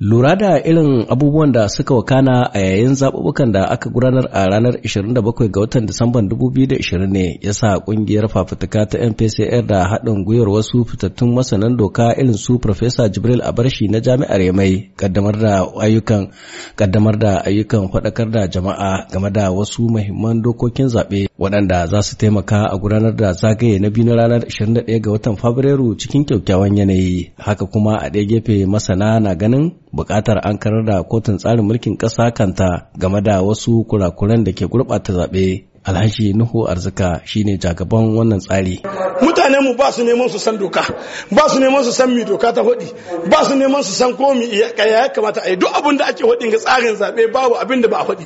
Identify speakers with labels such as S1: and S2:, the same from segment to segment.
S1: Lura da irin abubuwan da suka wakana a yayin zaɓuɓɓukan da aka gudanar a ranar 27 ga watan Disamban 2020 ne ya sa ƙungiyar fafutuka ta MPCR da haɗin gwiwar wasu fitattun masanan doka irin su Profesa Jibril Abarshi na Jami'ar Yamai kaddamar da ayyukan kaddamar da ayyukan faɗakar da jama'a game da wasu muhimman dokokin zaɓe waɗanda za su taimaka a gudanar da zagaye na biyu na ranar 21 ga watan Fabrairu cikin kyakkyawan yanayi. Haka kuma a ɗaya gefe masana na ganin Bukatar an karar da kotun tsarin mulkin ƙasa kanta game da wasu kurakuran da ke gurɓata zaɓe Alhashi Nuhu Arzika shine jagaban wannan tsari.
S2: Mutanen mu ba su neman su san doka, ba su neman su san mi doka ta hodi, ba su neman su san ko ya kamata a yi duk abin da ake hodin ga tsarin zabe babu abin da ba a hodi.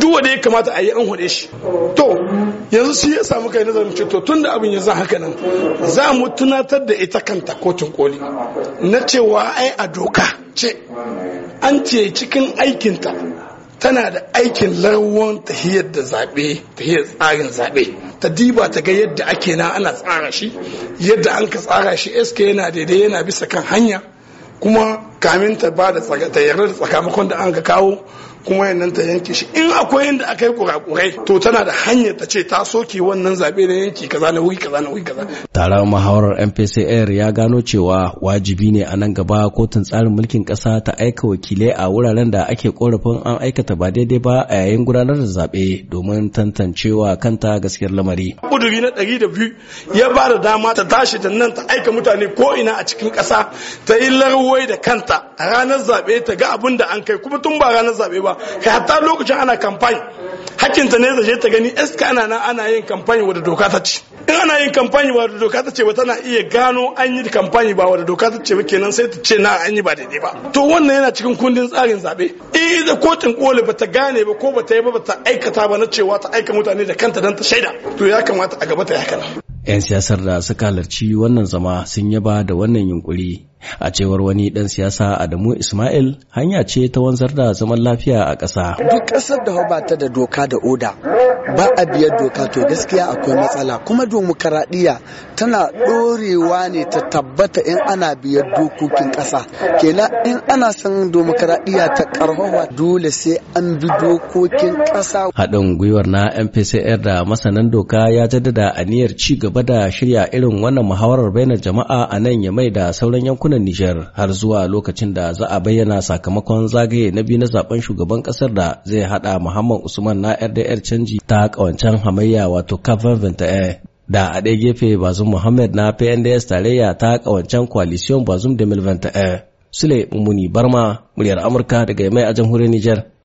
S2: Duk wanda ya kamata a yi an hode shi. To yanzu shi ya samu kai nazarin ce to tun abin ya za haka nan za mu tunatar da ita kanta kotun koli na cewa ai a doka ce an ce cikin aikinta tana da aikin larwon tahiyar da zaɓe tahiyar tsarin zaɓe ta diba ta ga yadda ake na ana tsara shi yadda an ka tsara shi sk yana daidai yana bisa kan hanya kuma kamin ta ba da ta yarda da sakamakon da an ka kawo kuma yannan ta yanke shi in akwai yanda aka yi kurakurai to tana da hanyar ta ce ta soke wannan zabe na yanki kaza na wuri kaza na wuri kaza
S1: taron muhawarar MPCR ya gano cewa wajibi ne a nan gaba kotun tsarin mulkin kasa ta aika wakilai a wuraren da ake korafin an aikata ba daidai ba a yayin gudanar da zabe domin tantancewa kanta gaskiyar lamari
S2: kuduri na ɗari da biyu ya ba da dama ta tashi da nan ta aika mutane ko ina a cikin ƙasa ta yi wai da kanta a ranar zaɓe ta ga abin da an kai kuma tun ba ranar zaɓe ba kai hatta lokacin ana kamfani hakinta ne zaje ta gani iska ana nan ana yin kamfani wadda doka ta ce in ana yin kamfani wadda doka ta ce ba tana iya gano an yi kamfani ba wadda doka ta ce ba kenan sai ta ce na an yi ba daidai ba to wannan yana cikin kundin tsarin zaɓe in eh, da kotun koli ba ta gane ba ko ba ta yi ba ba ta aikata ba na cewa ta aika mutane da kanta don ta shaida to ya kamata a gaba ta ya kana
S1: 'yan siyasar da suka halarci wannan zama sun yaba da wannan yunkuri A cewar wani ɗan siyasa Adamu Ismail hanya ce ta wanzar da zaman lafiya a ƙasa. Duk ƙasar da hoba ta da doka da oda ba a biyar doka to gaskiya akwai matsala kuma dimokuraɗiyya tana ɗorewa ne ta tabbata in ana biyar dokokin ƙasa. Kenan in ana son dimokuraɗiyya ta ƙarfafa dole sai an bi dokokin ƙasa. Haɗin gwiwar na MPCR da masanan doka ya jaddada aniyar ci gaba da shirya irin wannan muhawarar bainar jama'a a nan ya mai da sauran yankunan yankunan Nijar har zuwa lokacin da za a bayyana sakamakon zagaye na biyu na zaben shugaban kasar da zai hada Muhammad Usman na RDR canji ta kawancen hamayya wato Kafan Ventae eh, da a ɗaya gefe Bazum Muhammad na PNDS tarayya ta kawancen coalition Bazum 2021. Sule Mumuni Barma, muryar Amurka daga mai a jamhuriyar Nijar.